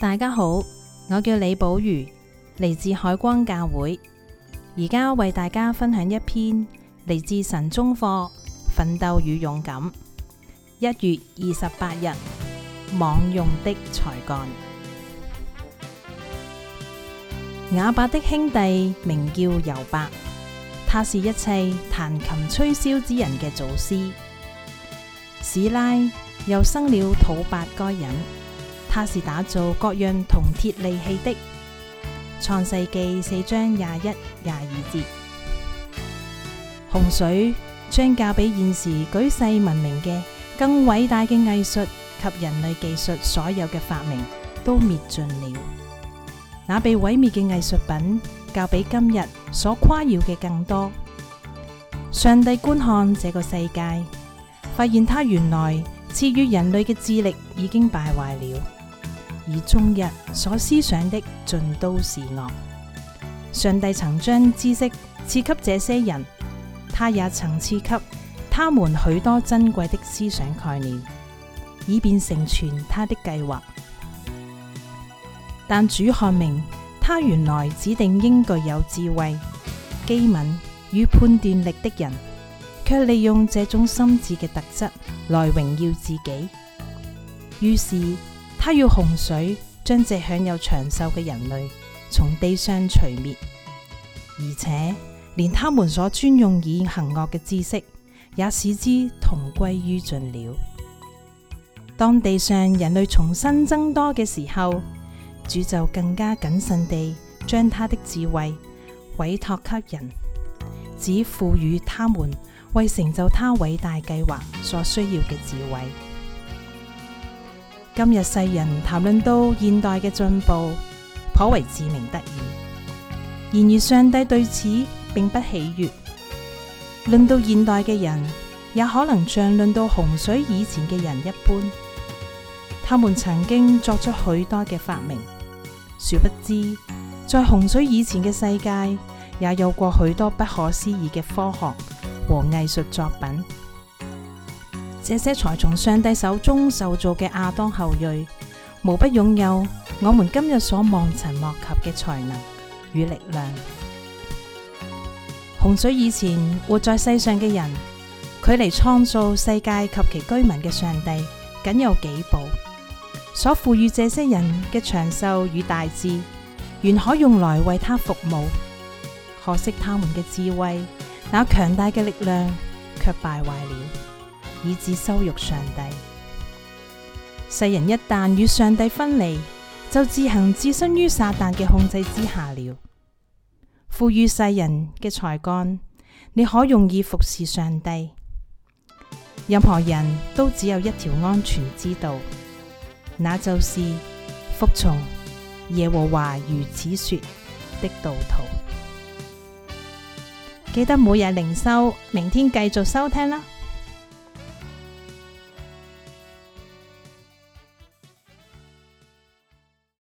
大家好，我叫李寶如，嚟自海光教會，而家為大家分享一篇嚟自神中課《奮鬥與勇敢》。一月二十八日，妄用的才幹，雅伯的兄弟名叫猶伯，他是一切彈琴吹簫之人嘅祖師。史拉又生了土伯該人。他是打造各樣銅鐵利器的。創世記四章廿一廿二節。洪水將較比現時舉世聞名嘅更偉大嘅藝術及人類技術所有嘅發明都滅盡了。那被毀滅嘅藝術品較比今日所誇耀嘅更多。上帝觀看這個世界，發現他原來賜予人類嘅智力已經敗壞了。以終日所思想的盡都是惡。上帝曾將知識賜給這些人，他也曾賜給他們許多珍貴的思想概念，以便成全他的計劃。但主看明，他原來指定應具有智慧、機敏與判斷力的人，卻利用這種心智嘅特質來榮耀自己。於是，他要洪水將只享有長壽嘅人類從地上除滅，而且連他們所專用以行惡嘅知識也使之同歸於盡了。當地上人類重新增多嘅時候，主就更加謹慎地將他的智慧委託給人，只賦予他們為成就他偉大計劃所需要嘅智慧。今日世人談論到現代嘅進步，頗為自鳴得意。然而上帝對此並不喜悅。論到現代嘅人，也可能像論到洪水以前嘅人一般，他們曾經作出許多嘅發明。殊不知，在洪水以前嘅世界，也有過許多不可思議嘅科學和藝術作品。這些才從上帝手中受造嘅亞當後裔，無不擁有我們今日所望塵莫及嘅才能與力量。洪水以前活在世上嘅人，距離創造世界及其居民嘅上帝僅有幾步。所賦予這些人嘅長壽與大智，原可用來為他服務。可惜他們嘅智慧，那強大嘅力量，卻敗壞了。以致羞辱上帝。世人一旦與上帝分離，就自行置身於撒旦嘅控制之下了。賦予世人嘅才幹，你可用以服侍上帝。任何人都只有一條安全之道，那就是服從耶和華如此說的道途。記得每日靈修，明天繼續收聽啦。